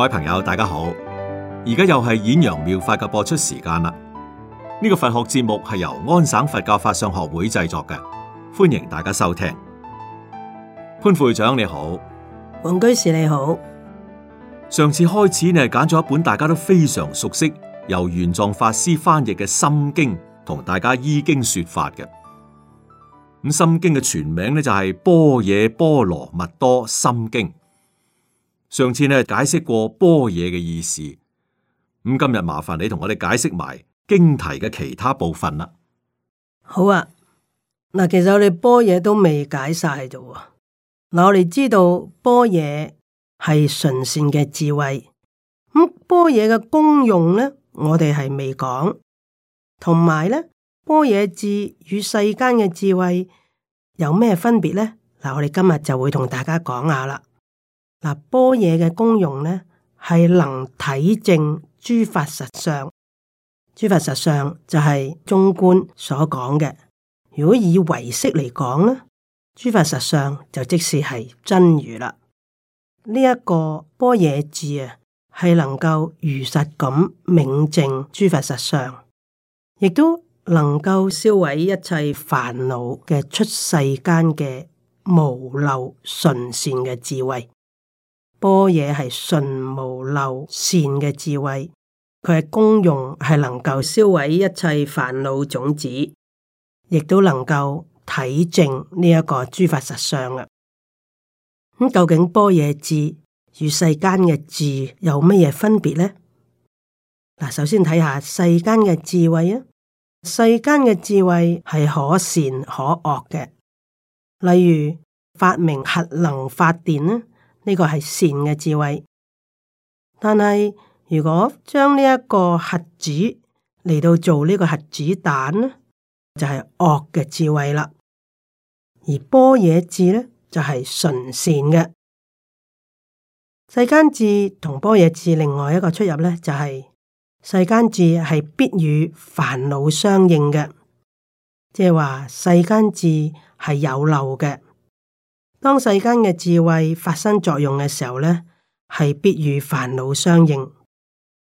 各位朋友，大家好！而家又係演揚妙,妙法嘅播出時間啦。呢、這個佛學節目係由安省佛教法相學會製作嘅，歡迎大家收聽。潘會長你好，黃居士你好。上次開始，你係揀咗一本大家都非常熟悉，由玄奘法師翻譯嘅《心經》，同大家依經說法嘅。咁《心經》嘅全名呢，就係、是《般若波羅蜜多心經》。上次咧，解釋過般若嘅意思，咁今日麻煩你同我哋解釋埋經題嘅其他部分啦。好啊，嗱，其實我哋般若都未解晒啫。嗱，我哋知道般若係純善嘅智慧，咁般若嘅功用咧，我哋係未講，同埋咧，般若智與世間嘅智慧有咩分別咧？嗱，我哋今日就會同大家講下啦。嗱，般若嘅功用呢，係能體證諸法實相。諸法實相就係中觀所講嘅。如果以唯識嚟講呢，諸法實相就即是係真如啦。呢、這、一個般若字啊，係能夠如實咁明證諸法實相，亦都能夠銷毀一切煩惱嘅出世間嘅無漏純善嘅智慧。般若係純無漏善嘅智慧，佢嘅功用係能夠消毀一切煩惱種子，亦都能夠體證呢一個諸法實相啊！咁究竟般若智與世間嘅智有乜嘢分別呢？嗱，首先睇下世間嘅智慧啊，世間嘅智慧係可善可惡嘅，例如發明核能發電呢？呢個係善嘅智慧，但係如果將呢一個核子嚟到做呢個核子彈呢，就係惡嘅智慧啦。而般若智呢，就係純善嘅。世間智同般若智另外一個出入呢，就係世間智係必與煩惱相應嘅，即係話世間智係有漏嘅。當世間嘅智慧發生作用嘅時候呢，係必與煩惱相應；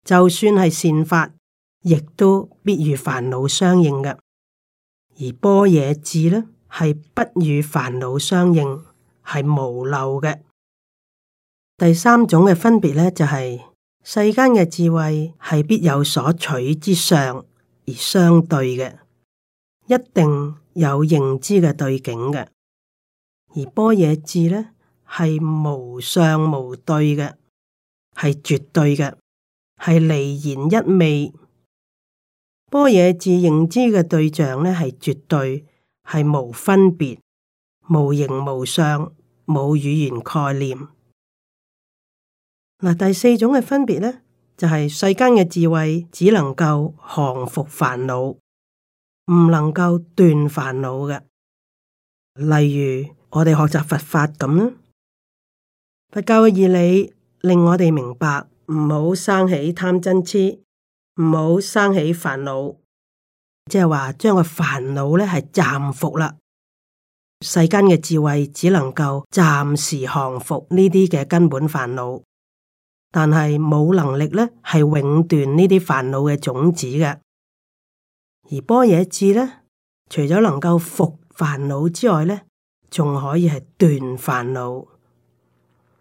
就算係善法，亦都必與煩惱相應嘅。而般若智呢，係不與煩惱相應，係無漏嘅。第三種嘅分別呢，就係、是、世間嘅智慧係必有所取之相，而相對嘅，一定有認知嘅對境嘅。而般若智呢，係無相無對嘅，係絕對嘅，係離言一味。般若智認知嘅對象呢，係絕對，係無分別、無形無相、冇語言概念。嗱，第四種嘅分別呢，就係、是、世間嘅智慧只能夠降伏煩惱，唔能夠斷煩惱嘅，例如。我哋學習佛法咁啦，佛教嘅義理令我哋明白，唔好生起貪嗔痴，唔好生起煩惱，即係話將個煩惱咧係暫服啦。世間嘅智慧只能夠暫時降服呢啲嘅根本煩惱，但係冇能力咧係永斷呢啲煩惱嘅種子嘅。而般若智咧，除咗能夠服煩惱之外咧。仲可以係斷煩惱，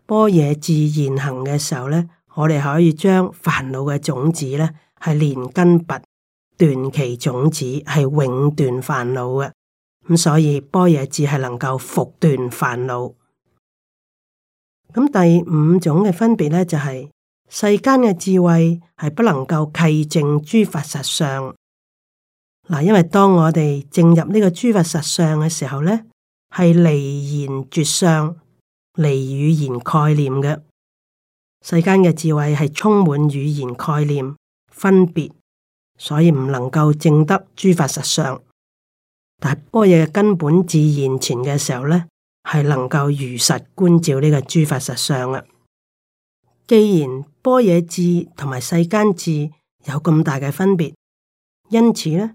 般若智現行嘅時候呢，我哋可以將煩惱嘅種子呢係連根拔，斷其種子係永斷煩惱嘅。咁所以般若智係能夠伏斷煩惱。咁第五種嘅分別呢、就是，就係世間嘅智慧係不能夠契證諸法實相。嗱，因為當我哋進入呢個諸法實相嘅時候呢。係離言絕相，離語言概念嘅世間嘅智慧係充滿語言概念分別，所以唔能夠證得諸法實相。但係般若根本智現前嘅時候呢，係能夠如實觀照呢個諸法實相啦。既然般若智同埋世間智有咁大嘅分別，因此呢，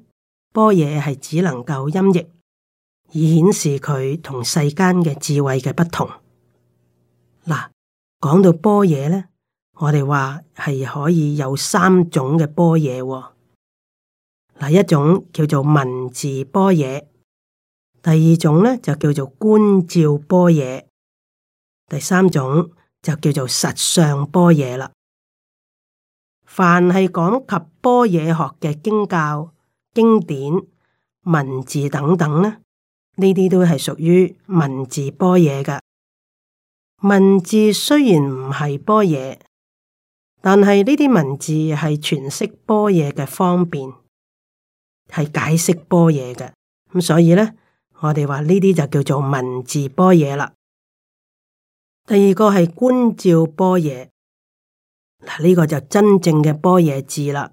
般若係只能夠音譯。以顯示佢同世間嘅智慧嘅不同。嗱，講到般若咧，我哋話係可以有三種嘅般若喎。嗱，一種叫做文字般若，第二種咧就叫做觀照般若，第三種就叫做實相般若啦。凡係講及般若學嘅經教、經典、文字等等咧。呢啲都係屬於文字般若噶文字雖然唔係般若，但係呢啲文字係詮釋般若嘅方便，係解釋般若嘅，咁所以呢，我哋話呢啲就叫做文字般若啦。第二個係觀照般若，嗱、這、呢個就真正嘅般若字啦。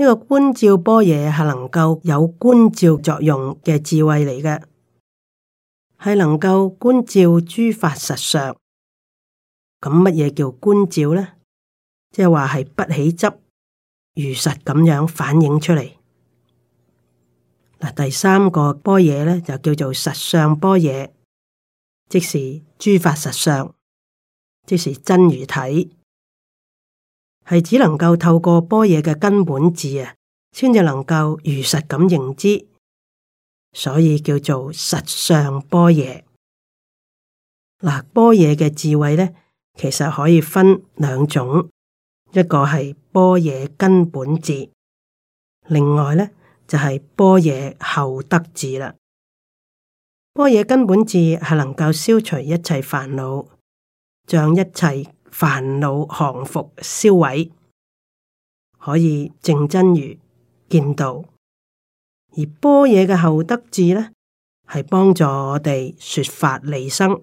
呢個觀照般若係能夠有觀照作用嘅智慧嚟嘅，係能夠觀照諸法實相。咁乜嘢叫觀照呢？即係話係不起執，如實咁樣反映出嚟。嗱，第三個般若呢就叫做實相般若，即是諸法實相，即是真如體。係只能夠透過般若嘅根本智啊，先至能夠如實咁認知，所以叫做實相般若。嗱，般若嘅智慧咧，其實可以分兩種，一個係般若根本智，另外咧就係般若後得智啦。般若根本智係能夠消除一切煩惱，障一切。煩惱降伏銷毀，可以正真如見到。而般若嘅後得智呢，係幫助我哋說法離生。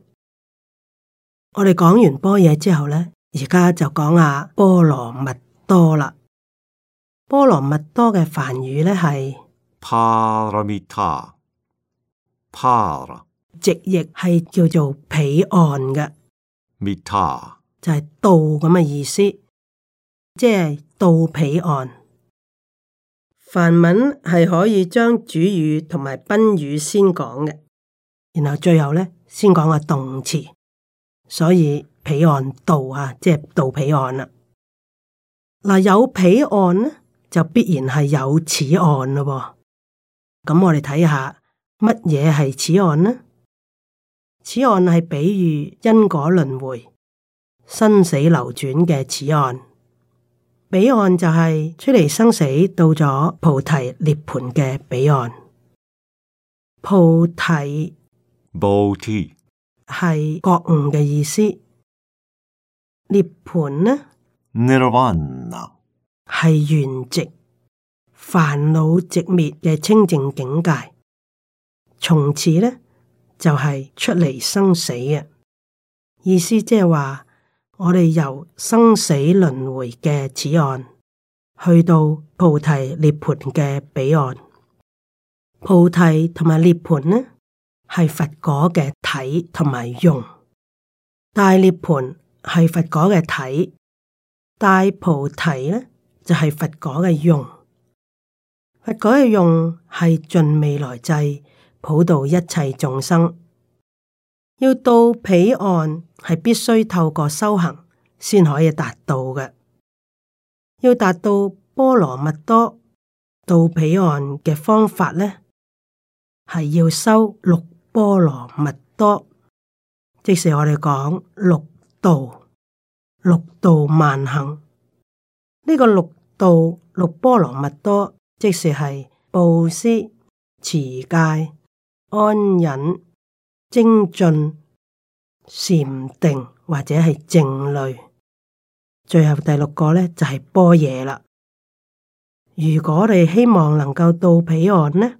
我哋講完般若之後呢，而家就講下波羅蜜多啦。波羅蜜多嘅梵語呢，係 Paramita，Par 直譯係叫做彼岸嘅 Mita 就係道咁嘅意思，即係道彼岸。梵文係可以將主語同埋賓語先講嘅，然後最後咧先講個動詞。所以彼岸道啊，即係道彼岸啦。嗱、啊，有彼岸咧，就必然係有此岸咯。咁、啊、我哋睇下乜嘢係此岸呢？此岸係比喻因果輪回。生死流轉嘅此岸，彼岸就係出離生死到咗菩提涅槃嘅彼岸。菩提菩提 Bodhi 係覺悟嘅意思。涅槃呢係 Nirvana 圓寂、煩惱寂滅嘅清淨境界。從此呢，就係、是、出離生死嘅意思即係話。我哋由生死輪回嘅此岸，去到菩提涅槃嘅彼岸。菩提同埋涅槃呢，係佛果嘅體同埋用。大涅槃，係佛果嘅體，大菩提呢就係、是、佛果嘅用。佛果嘅用係盡未來際，普渡一切眾生。要到彼岸係必須透過修行先可以達到嘅。要達到波羅蜜多到彼岸嘅方法呢，係要修六波羅蜜多，即是我哋講六度六度萬行。呢、這個六度六波羅蜜多，即是係布施、持戒、安忍。精進、禪定或者係靜慮，最後第六個呢就係般若啦。如果我哋希望能夠到彼岸呢，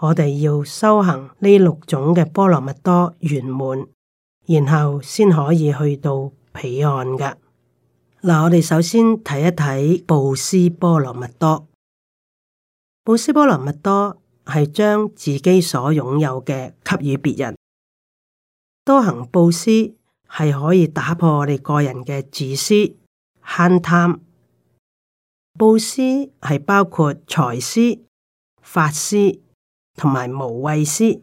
我哋要修行呢六種嘅波羅蜜多圓滿，然後先可以去到彼岸噶。嗱，我哋首先睇一睇布施波羅蜜多。布施波羅蜜多係將自己所擁有嘅給予別人。多行布施係可以打破我哋個人嘅自私慳貪。布施係包括財施、法施同埋無畏施。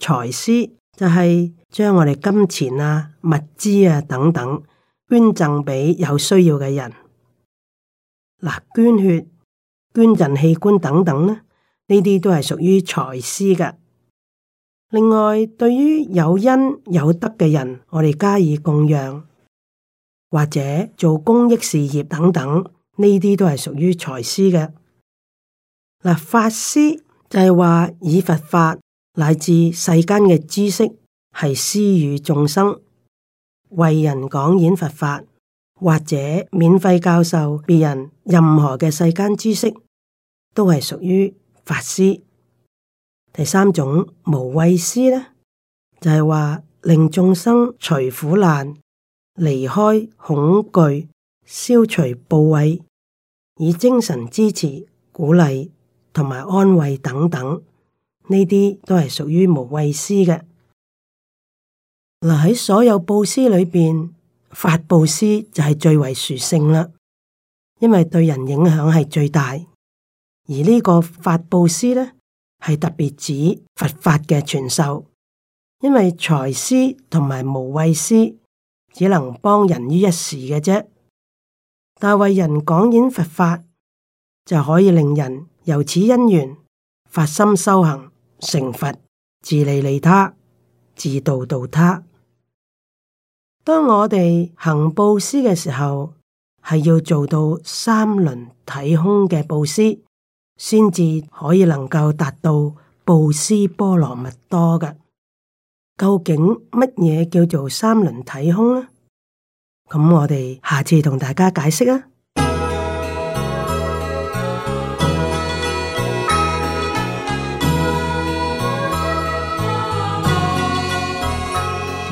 財施就係將我哋金錢啊、物資啊等等捐贈畀有需要嘅人。嗱，捐血、捐贈器官等等呢啲都係屬於財施㗎。另外，對於有因有德嘅人，我哋加以供養，或者做公益事業等等，呢啲都係屬於財施嘅。嗱，法施就係話以佛法乃至世間嘅知識係施予眾生，為人講演佛法，或者免費教授別人任何嘅世間知識，都係屬於法施。第三種無畏施呢，就係話令眾生除苦難、離開恐懼、消除怖畏，以精神支持、鼓勵同埋安慰等等，呢啲都係屬於無畏施嘅。嗱，喺所有布施裏邊，法布施就係最為殊勝啦，因為對人影響係最大。而呢個法布施呢。係特別指佛法嘅傳授，因為財施同埋無畏施只能幫人於一時嘅啫，但為人講演佛法就可以令人由此因緣發心修行成佛，自利利他，自度度他。當我哋行布施嘅時候，係要做到三輪體空嘅布施。先至可以能夠達到布施波羅蜜多㗎，究竟乜嘢叫做三輪體空呢？咁我哋下次同大家解釋啦。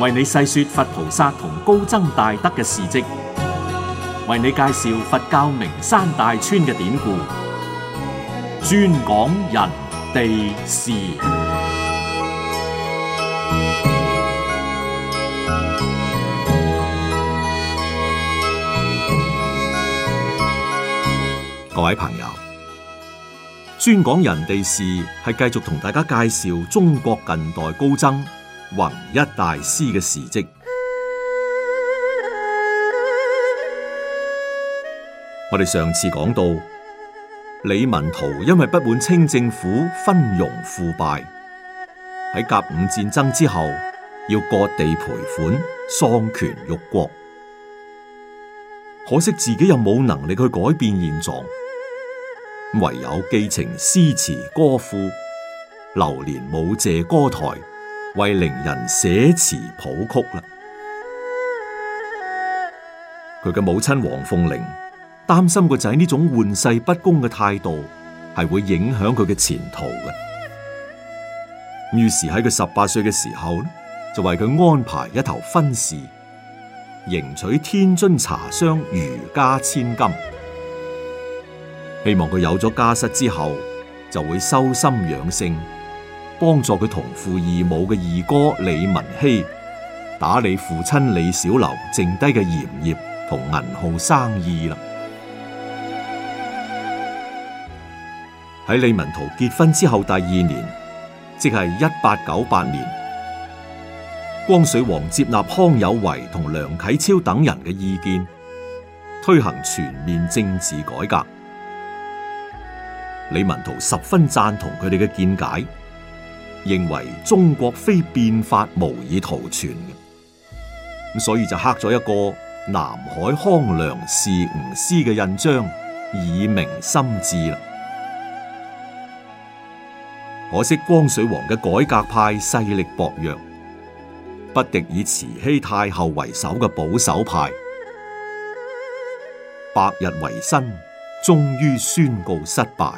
為你細說佛菩薩同高僧大德嘅事跡，為你介紹佛教名山大川嘅典故。專講人地事，各位朋友，專講人地事係繼續同大家介紹中國近代高僧弘一大師嘅事跡。 我哋上次講到。李文圖因為不滿清政府昏庸腐敗，喺甲午戰爭之後要割地賠款，喪權辱國。可惜自己又冇能力去改變現狀，唯有寄情詩詞歌賦，流連舞榭歌台，為伶人寫詞譜曲啦。佢嘅母親王鳳玲。擔心個仔呢種玩世不恭嘅態度係會影響佢嘅前途嘅，於是喺佢十八歲嘅時候就為佢安排一頭婚事，迎娶天津茶商余家千金，希望佢有咗家室之後就會修心養性，幫助佢同父異母嘅二哥李文熙打理父親李小樓剩低嘅鹽業同銀號生意啦。喺李文濤結婚之後第二年，即係一八九八年，光緒皇接納康有為同梁啟超等人嘅意見，推行全面政治改革。李文濤十分贊同佢哋嘅見解，認為中國非變法無以圖存嘅，所以就刻咗一個南海康梁是吾師嘅印章，以明心志。可惜光緒皇嘅改革派勢力薄弱，不敵以慈禧太后為首嘅保守派，百日維新終於宣告失敗。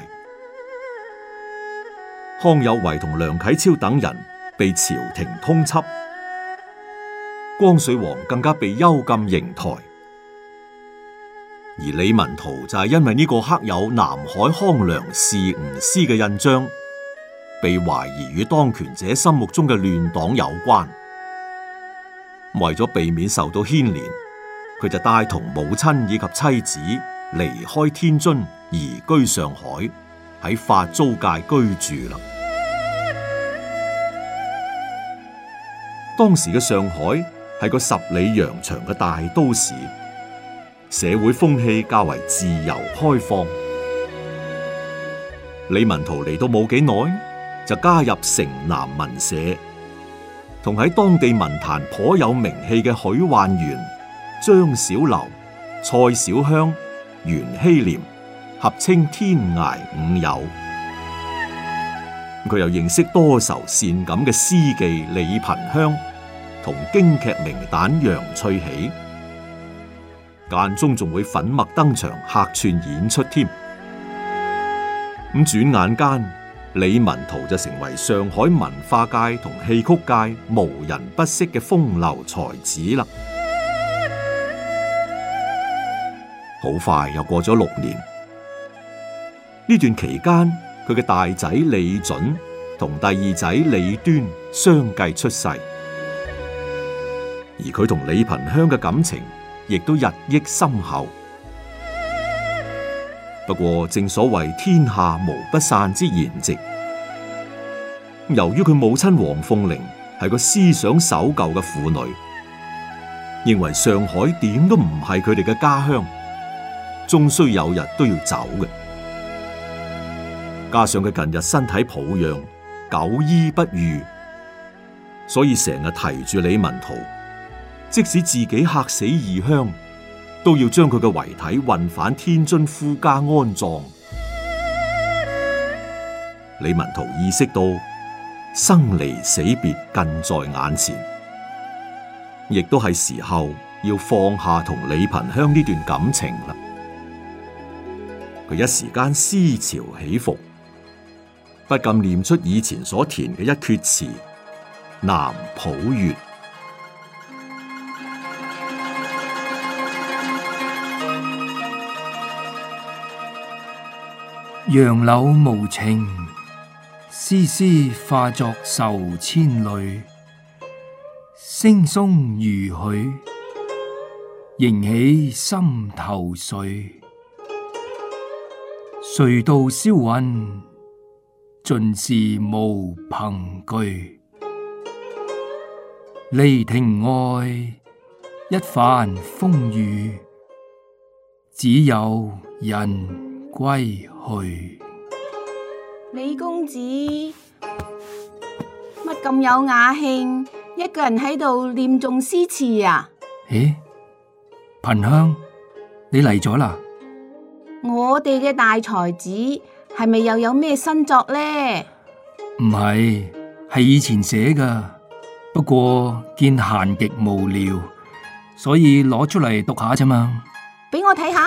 康有為同梁啟超等人被朝廷通緝，光緒皇更加被幽禁瀛台，而李文濤就係因為呢個刻有南海康梁是吾師嘅印章，被懷疑與當權者心目中嘅亂黨有關，為咗避免受到牽連，佢就帶同母親以及妻子離開天津，移居上海，喺法租界居住啦。當時嘅上海係個十里洋場嘅大都市，社會風氣較為自由開放。李文濤嚟到冇幾耐，就加入城南文社，同喺當地文壇頗有名氣嘅許幻園、張小樓、蔡小香、袁希濂，合稱天涯五友。佢又認識多愁善感嘅詩妓李蘋香、同京劇名旦楊翠喜，間中仲會粉墨登場客串演出添。咁轉眼間。李文圖就成為上海文化界同戲曲界無人不識嘅風流才子啦。好快又過咗六年，呢段期間佢嘅大仔李準同第二仔李端相繼出世，而佢同李蘋香嘅感情亦都日益深厚。不過正所謂天下無不散之筵席，由於佢母親黃鳳玲係個思想守舊嘅婦女，認為上海點都唔係佢哋嘅家鄉，終須有日都要走嘅。加上佢近日身體抱恙，久醫不癒，所以成日提住李文濤，即使自己客死異鄉。都要將佢嘅遺體運返天津夫家安葬。李文濤意識到，生離死別近在眼前，亦都係時候要放下同李蘋香呢段感情啦。佢一時間思潮起伏，不禁念出以前所填嘅一闕詞：南浦月。楊柳無情，絲絲化作愁千縷。聲松如許，縈起心頭碎。誰道消魂，盡是無憑據。離亭外，一番風雨，只有人歸去，李公子乜咁有雅興？一個人喺度念誦詩詞啊？咦，蘋香你嚟咗啦？我哋嘅大才子係咪又有咩新作呢？唔係，係以前寫噶。不過見閒極無聊，所以攞出嚟讀下啫嘛。俾我睇下。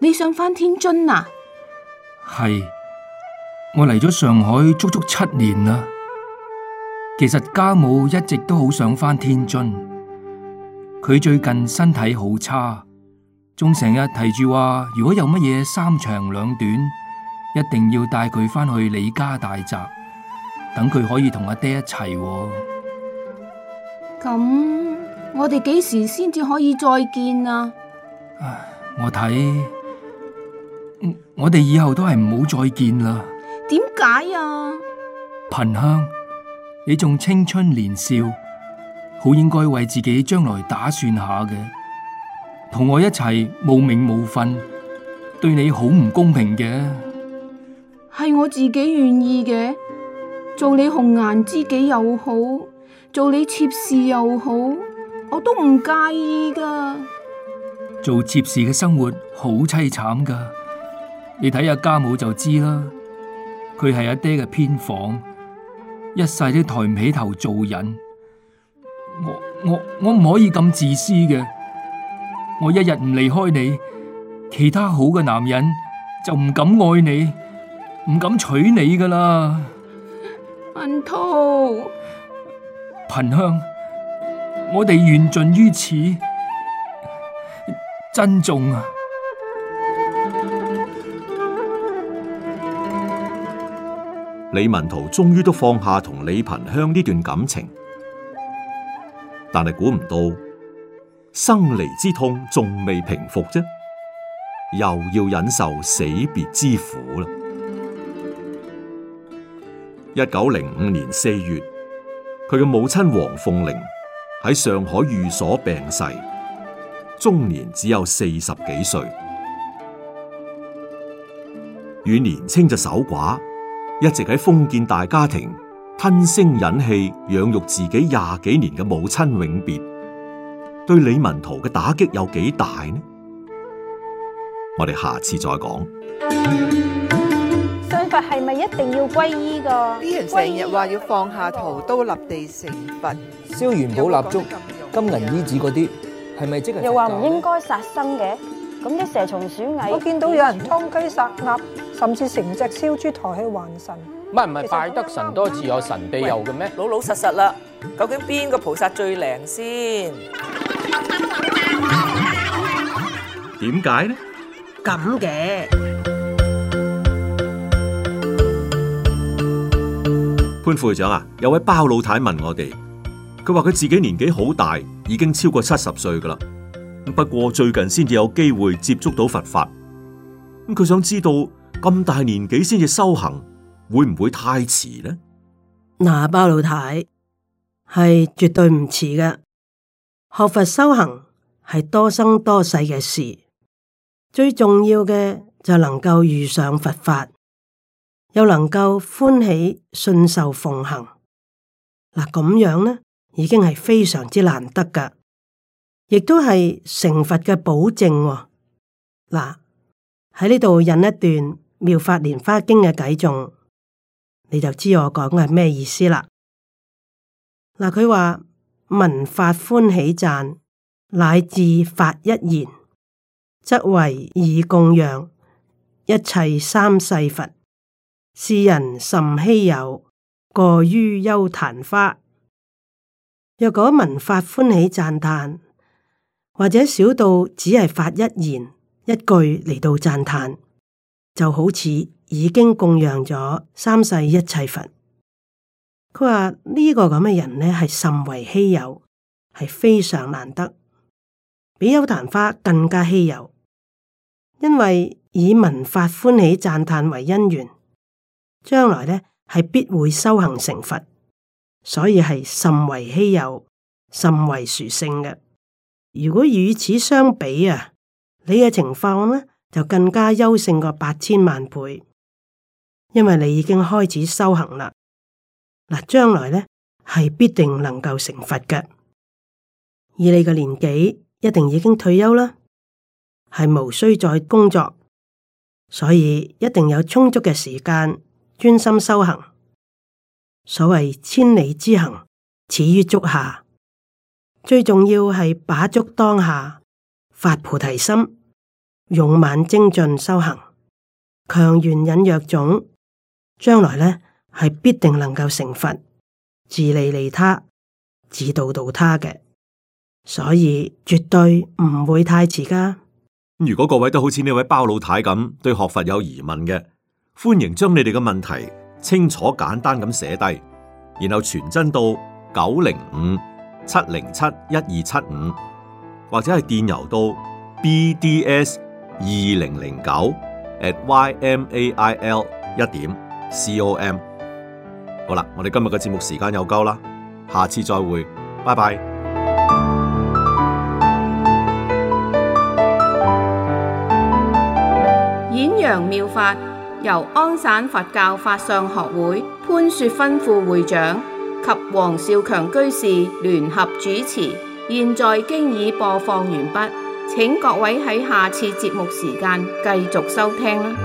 你想翻天津啊？係，我嚟咗上海足足七年啦。其實家母一直都好想翻天津，佢最近身體好差，仲成日提住話，如果有乜嘢三長兩短，一定要帶佢翻去李家大宅，等佢可以同阿爹一齊。咁我哋幾時先至可以再見啊？唉，我睇。我哋以後都係唔好再見啦。點解啊？萍香，你仲青春年少，好應該為自己將來打算下嘅。同我一齊冇名冇份，對你好唔公平嘅。係我自己願意嘅，做你紅顏知己又好，做你妾侍又好，我都唔介意噶。做妾侍嘅生活好淒慘噶。你睇下家母就知啦，佢係阿爹嘅偏房，一世都抬唔起頭做人。我我我唔可以咁自私嘅，我一日唔離開你，其他好嘅男人就唔敢愛你，唔敢娶你噶啦。文濤兔，貧香，我哋緣盡於此，珍重啊！李文濤終於都放下同李蘋香呢段感情，但係估唔到生離之痛仲未平復啫，又要忍受死別之苦啦。一九零五年四月，佢嘅母親王鳳玲喺上海寓所病逝，終年只有四十幾歲，與年青就守寡。一直喺封建大家庭吞聲忍氣養育自己廿幾年嘅母親永別，對李文濤嘅打擊有幾大呢？我哋下次再講。信佛係咪一定要皈依㗎？啲人成日話要放下屠刀，立地成佛，燒元寶蠟燭、金銀衣紙嗰啲，係咪即係？又話唔應該殺生嘅？咁啲蛇蟲鼠蟻，我見到有人劏雞殺鴨，雞鴨甚至成隻燒豬抬起還神。唔係唔係，拜得神多自有，嗯、神庇佑嘅咩？老老實實啦，究竟邊個菩薩最靈先？點解呢？咁嘅潘副會長啊，有位包老太，太問，問我哋，佢話佢自己年紀好大，已經超過七十歲噶啦。不過最近先至有機會接觸到佛法，咁佢想知道咁大年紀先至修行，會唔會太遲呢？嗱，包老太係絕對唔遲噶，學佛修行係多生多世嘅事，最重要嘅就能夠遇上佛法，又能夠歡喜信受奉行，嗱咁樣呢，已經係非常之難得噶。亦都係成佛嘅保證，哦。嗱，喺呢度引一段妙法蓮花經嘅偈頌，你就知我講嘅係咩意思啦。嗱，佢話聞法歡喜讚，乃至法一言，則為以供養一切三世佛。是人甚稀有，過於優曇花。若果聞法歡喜讚嘆。或者小到只係發一言一句嚟到讚嘆，就好似已經供養咗三世一切佛。佢話呢個咁嘅人呢係甚為稀有，係非常難得，比優曇花更加稀有。因為以聞法歡喜讚嘆為因緣，將來呢係必會修行成佛，所以係甚為稀有、甚為殊勝嘅。如果與此相比啊，你嘅情況呢就更加優勝過八千萬倍，因為你已經開始修行啦。嗱，將來呢係必定能夠成佛嘅，以你嘅年紀一定已經退休啦，係無需再工作，所以一定有充足嘅時間專心修行。所謂千里之行，始於足下。最重要係把足當下，發菩提心，勇猛精進修行，強緣忍辱種，將來咧係必定能夠成佛，自利利他，自度度他嘅，所以絕對唔會太遲噶。如果各位都好似呢位包老太咁對學佛有疑問嘅，歡迎將你哋嘅問題清楚簡單咁寫低，然後傳真到九零五，七零七一二七五，75、或者係電郵到 bds 二零零九 at y m a i l 一點 c o m。好啦，我哋今日嘅節目時間又夠啦，下次再會，拜拜。演揚妙法由安省佛教法相學會潘雪芬副會長。及王少強居士聯合主持，現在經已播放完畢，請各位喺下次節目時間繼續收聽。